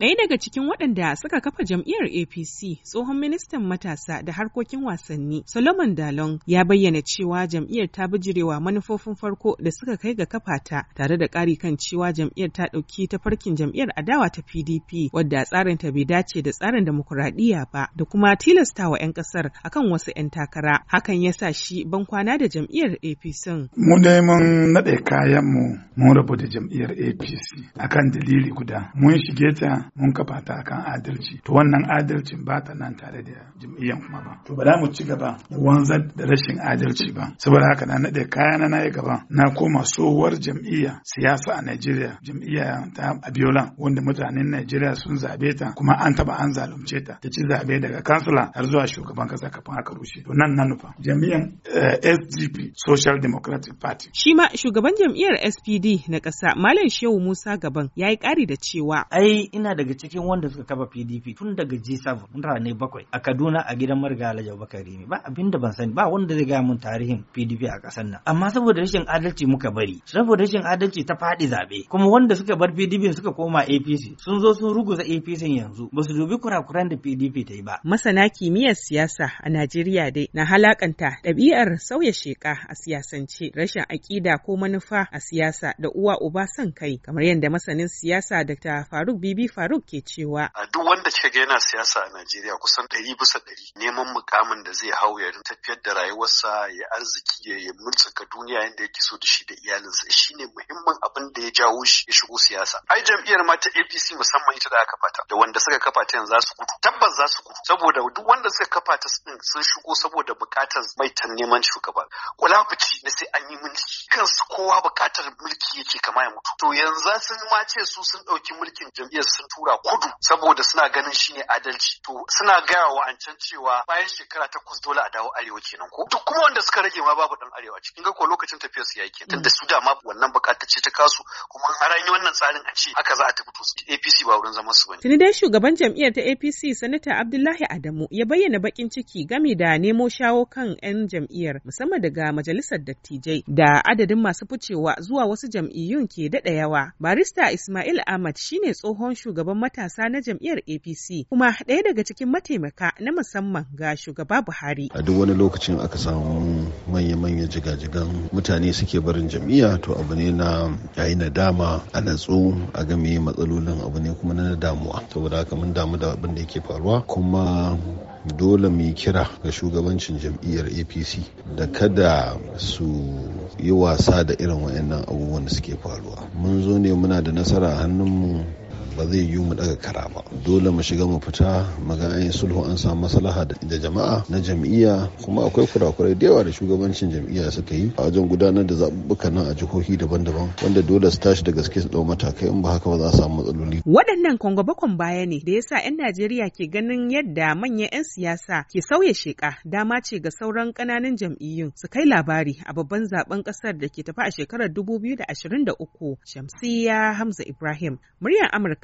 Ɗaya daga cikin waɗanda suka kafa jam'iyyar APC tsohon ministan matasa da harkokin wasanni Solomon Dalon ya bayyana cewa jam'iyyar ta bijirewa manufofin farko da suka kai ga kafa ta tare da ƙari kan cewa jam'iyyar ta ɗauki tafarkin jam'iyyar adawa ta PDP wadda tsarin ta bai dace da tsarin demokuraɗiyya ba da kuma tilastawa 'yan ƙasar akan wasu 'yan takara hakan ya sa shi kwana da jam'iyyar APC. Mu dai mun naɗe kayan mu mun rabu da jam'iyyar APC akan dalili guda mun shige ta mun kafa ta kan adalci to wannan adalcin ba ta nan tare da jam'iyyan kuma ba to ba za mu ci gaba da wanzar da rashin adalci ba saboda haka na nade kaya na yi gaba na koma sowar jam'iyya siyasa a Najeriya jam'iyya ta Abiola wanda mutanen Najeriya sun zabe ta kuma an taba an zalunce ta ta ci zabe daga kansila har zuwa shugaban kasa kafin aka rushe to nan na nufa jam'iyyan eh, SDP Social Democratic Party shi ma shugaban jam'iyyar SPD na ƙasa Malam Shehu Musa Gaban ya yi ƙari da cewa ai ina daga cikin wanda suka kafa PDP tun daga G7 mutane bakwai a Kaduna a gidan Marga Alhaji Abubakar ne ba abin ban sani ba wanda zai gaya mun tarihin PDP a ƙasar nan amma saboda rashin adalci muka bari saboda rashin adalci ta faɗi zaɓe kuma wanda suka bar PDP suka koma APC sun zo sun ruguza APC yanzu ba su dubi kurakuran da PDP ta yi ba. Masana kimiyyar siyasa a Najeriya dai na halakanta ɗabi'ar sauya sheka a siyasance rashin aƙida ko manufa a siyasa da uwa uba san kai kamar yadda masanin siyasa Dr. Faruk Bibi Faruk Faruk ke cewa. A duk wanda kika ga yana siyasa a Najeriya kusan ɗari bisa ɗari neman mukamin da zai hau ya tafiyar da rayuwarsa ya arziki ya yi mulkaka duniya yadda yake so da shi da iyalinsa shi ne muhimmin abin da ya jawo shi ya shigo siyasa. Ai jam'iyyar ma ta APC musamman ita da aka fata da wanda suka kafa ta yanzu za su gudu tabbas za su gudu saboda duk wanda suka kafa ta sun shigo saboda bukatar ta neman shugaba. fici na sai an yi mulki kansu kowa bukatar mulki yake kama ya mutu. To yanzu sun ma ce su sun ɗauki mulkin jam'iyyar sun tura kudu saboda suna ganin shi ne adalci to suna gaya wa ancan cewa bayan shekara takwas dole a dawo arewa kenan ko duk kuma wanda suka rage ma babu dan arewa cikin ga ko lokacin tafiyar su yake tunda su dama wannan bukatar ce ta kasu kuma har an yi wannan tsarin a ce haka za a tafi to APC ba wurin zaman su bane tuni dai shugaban jam'iyyar ta APC sanata Abdullahi Adamu ya bayyana bakin ciki game da nemo shawo kan 'yan jam'iyyar musamman daga majalisar dattijai da adadin masu ficewa zuwa wasu jam'iyyun ke daɗa yawa barista Ismail Ahmad shine tsohon shugaban shugaban matasa na jam'iyyar APC kuma ɗaya daga cikin mataimaka na musamman ga shugaba Buhari. A duk wani lokacin aka samu manya-manya jigajigan mutane suke barin jam'iyya to abu ne na yayi nadama a natsu a ga me matsalolin abu ne kuma na damuwa saboda haka mun damu da abin da yake faruwa kuma dole mu kira ga shugabancin jam'iyyar apc da kada su yi wasa da irin wayannan abubuwan da suke faruwa mun zo ne muna da nasara a hannunmu ba zai yiwu mu daga kara ba dole mu shiga mu fita mu ga an yi sulhu an samu maslaha da jama'a na jam'iyya kuma akwai kurakurai da yawa da shugabancin jam'iyya suka yi a wajen gudanar da zaɓuɓɓukan nan a jihohi daban-daban wanda dole su tashi da gaske su ɗau matakai in ba haka ba za a samu matsaloli. Waɗannan kwangwabakon baya ne da yasa 'yan Najeriya ke ganin yadda manyan 'yan siyasa ke sauya sheƙa dama ce ga sauran ƙananan jam'iyyun su kai labari a babban zaben ƙasar da ke tafi a shekarar 2023 Shamsiya Hamza Ibrahim muryar Amurka